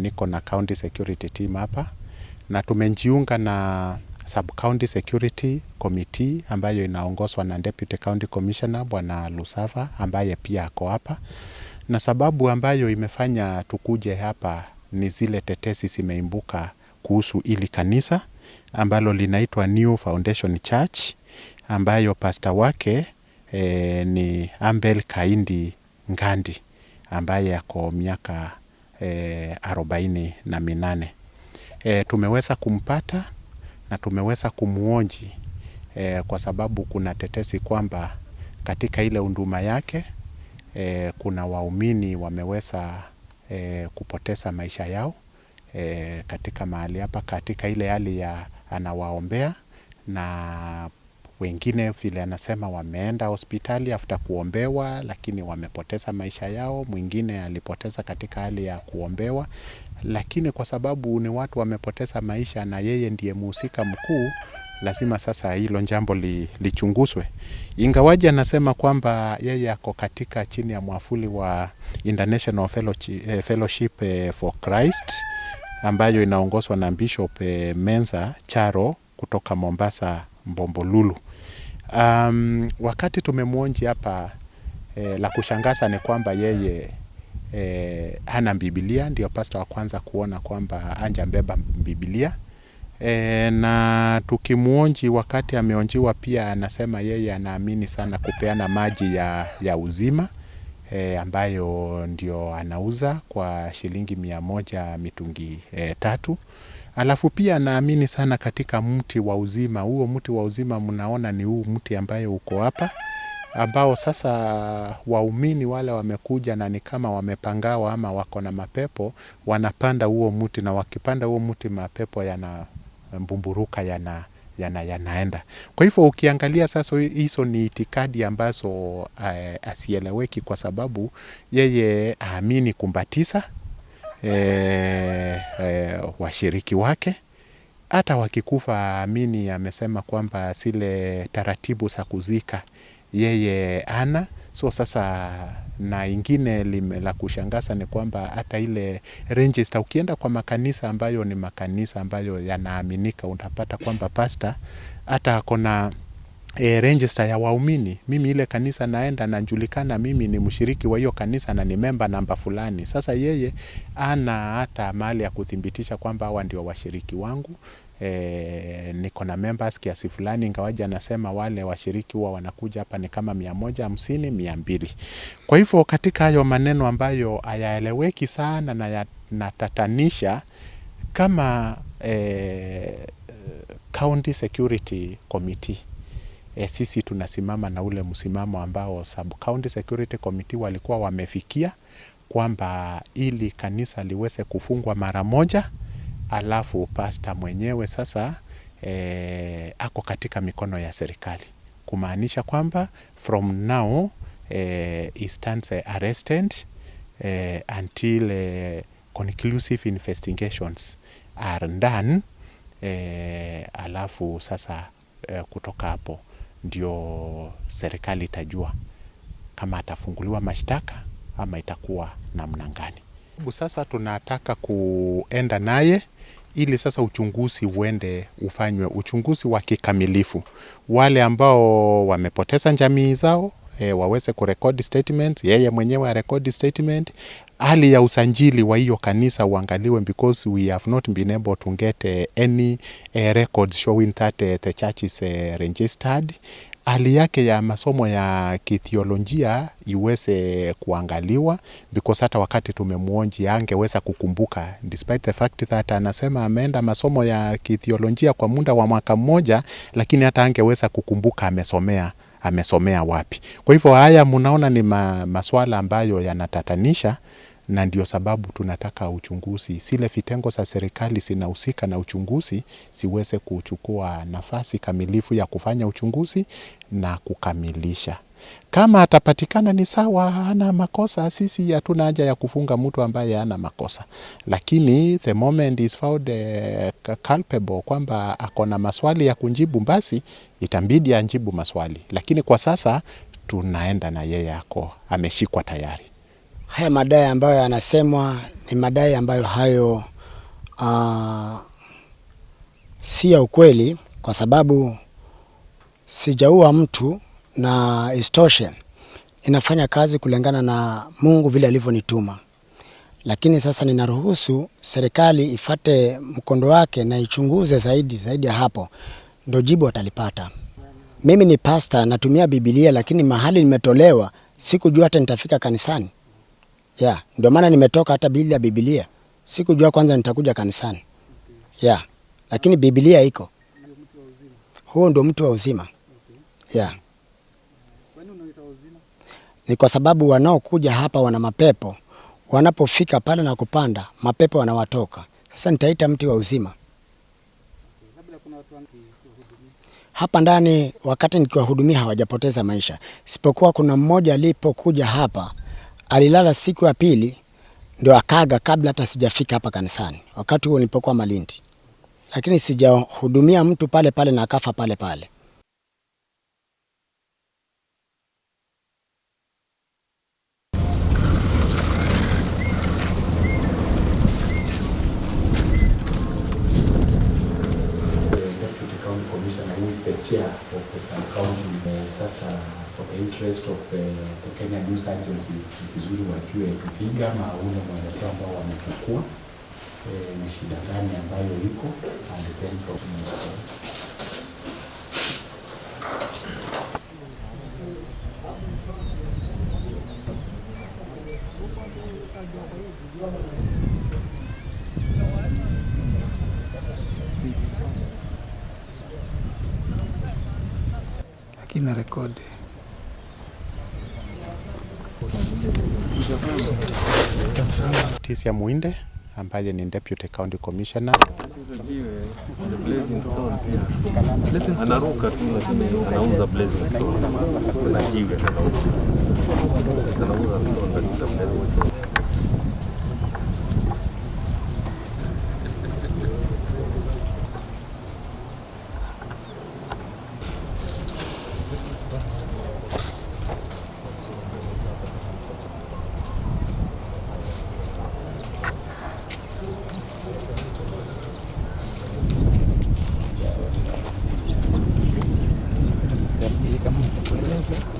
niko na county security team hapa na tumejiunga na sub county security committee ambayo inaongozwa na deputy county commissioner bwana Lusafa ambaye pia ako hapa, na sababu ambayo imefanya tukuje hapa ni zile tetesi zimeimbuka kuhusu ili kanisa ambalo linaitwa New Foundation Church ambayo pasta wake e, ni Ambel Kaindi Ngandi ambaye ako miaka arobaini na minane. E, tumeweza kumpata na tumeweza kumuonji e, kwa sababu kuna tetesi kwamba katika ile unduma yake e, kuna waumini wameweza e, kupoteza maisha yao e, katika mahali hapa, katika ile hali ya anawaombea na wengine vile anasema wameenda hospitali afta kuombewa, lakini wamepoteza maisha yao. Mwingine alipoteza katika hali ya kuombewa, lakini kwa sababu ni watu wamepoteza maisha na yeye ndiye mhusika mkuu, lazima sasa hilo jambo li, lichunguzwe. Ingawaji anasema kwamba yeye ako katika chini ya mwafuli wa International eh, Fellowship eh, for Christ ambayo inaongozwa na Bishop eh, Menza Charo kutoka Mombasa Mbombolulu. Um, wakati tumemwonji hapa e, la kushangaza ni kwamba yeye e, hana Biblia, ndio pasta wa kwanza kuona kwamba anjambeba Biblia e, na tukimwonji wakati ameonjiwa pia anasema yeye anaamini sana kupeana maji ya, ya uzima e, ambayo ndio anauza kwa shilingi mia moja mitungi e, tatu. Alafu pia naamini sana katika mti wa uzima. Huo mti wa uzima mnaona ni huu mti ambayo uko hapa, ambao sasa waumini wale wamekuja na ni kama wamepangawa ama wako na mapepo, wanapanda huo mti, na wakipanda huo mti mapepo yanambumburuka, yana yana yanaenda. Kwa hivyo ukiangalia sasa, hizo ni itikadi ambazo eh, asieleweki, kwa sababu yeye aamini kumbatisa e, e, washiriki wake. Hata wakikufa, Amini amesema kwamba zile taratibu za kuzika yeye ana so sasa. Na ingine la kushangaza ni kwamba hata ile register, ukienda kwa makanisa ambayo ni makanisa ambayo yanaaminika, utapata kwamba pasta hata akona e, register ya waumini. Mimi ile kanisa naenda, najulikana mimi ni mshiriki wa hiyo kanisa na ni memba namba fulani. Sasa yeye ana hata mali ya kuthibitisha kwamba hawa ndio washiriki wangu. E, niko na members kiasi fulani, ingawaji anasema wale washiriki huwa wanakuja hapa ni kama mia moja hamsini mia mbili. Kwa hivyo katika hayo maneno ambayo hayaeleweki sana na yanatatanisha kama e, County Security Committee e, sisi tunasimama na ule msimamo ambao Sub County Security Committee walikuwa wamefikia kwamba ili kanisa liweze kufungwa mara moja, alafu pasta mwenyewe sasa e, ako katika mikono ya serikali, kumaanisha kwamba from now e, he stands arrested e, until e, conclusive investigations are done e, alafu sasa e, kutoka hapo ndio serikali itajua kama atafunguliwa mashtaka ama itakuwa namna gani. Sasa tunataka kuenda naye ili sasa uchunguzi uende ufanywe uchunguzi wa kikamilifu. Wale ambao wamepoteza jamii zao e, waweze kurekodi statement, yeye mwenyewe arekodi statement. Hali ya usanjili wa hiyo kanisa uangaliwe because we have not been able to get uh, any uh, records showing that uh, the church is uh, registered hali yake ya masomo ya kithiolojia iweze kuangaliwa because hata wakati tumemwonji angeweza kukumbuka, despite the fact that anasema ameenda masomo ya kithiolojia kwa muda wa mwaka mmoja, lakini hata angeweza kukumbuka amesomea amesomea wapi. Kwa hivyo haya mnaona ni ma, maswala ambayo yanatatanisha na ndio sababu tunataka uchunguzi. Zile vitengo za serikali zinahusika na uchunguzi ziweze kuchukua nafasi kamilifu ya kufanya uchunguzi na kukamilisha. Kama atapatikana ni sawa, ana makosa, sisi hatuna haja ya kufunga mtu ambaye ana makosa, lakini the moment is found eh, culpable, kwamba ako na maswali ya kunjibu, basi itambidi anjibu maswali, lakini kwa sasa tunaenda na yeye ako ameshikwa tayari. Haya madai ambayo yanasemwa ni madai ambayo hayo uh, si ya ukweli, kwa sababu sijaua mtu na istoshe ninafanya kazi kulingana na Mungu vile alivyonituma. Lakini sasa ninaruhusu serikali ifate mkondo wake na ichunguze zaidi zaidi ya hapo, ndio jibu watalipata. Mimi ni pasta, natumia Biblia, lakini mahali nimetolewa sikujua hata nitafika kanisani yeah. Ndio maana nimetoka hata bila Biblia, sikujua kwanza nitakuja kanisani yeah. Lakini Biblia iko, huo ndio mtu wa uzima yeah. Ni kwa sababu wanaokuja hapa wana mapepo, wanapofika pale na kupanda mapepo wanawatoka. Sasa nitaita mti wa uzima hapa ndani, wakati nikiwahudumia hawajapoteza maisha, sipokuwa kuna mmoja alipokuja hapa alilala siku ya pili ndio akaga, kabla hata sijafika hapa kanisani, wakati huo nilipokuwa Malindi, lakini sijahudumia mtu pale pale na akafa pale pale. is the chair of the Sun county uh, sasa for the interest of uh, the Kenya News Agency ni vizuri wajue kupiga ama ule mwelekeo ambao wamechukua eh, ni shida gani ambayo iko and then from na rekodi. Tisia Muinde ambaye ni deputy county commissioner anaruka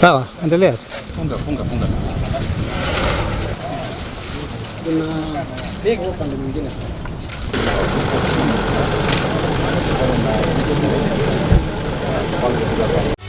Sawa, endelea. Funga, funga, funga. Kuna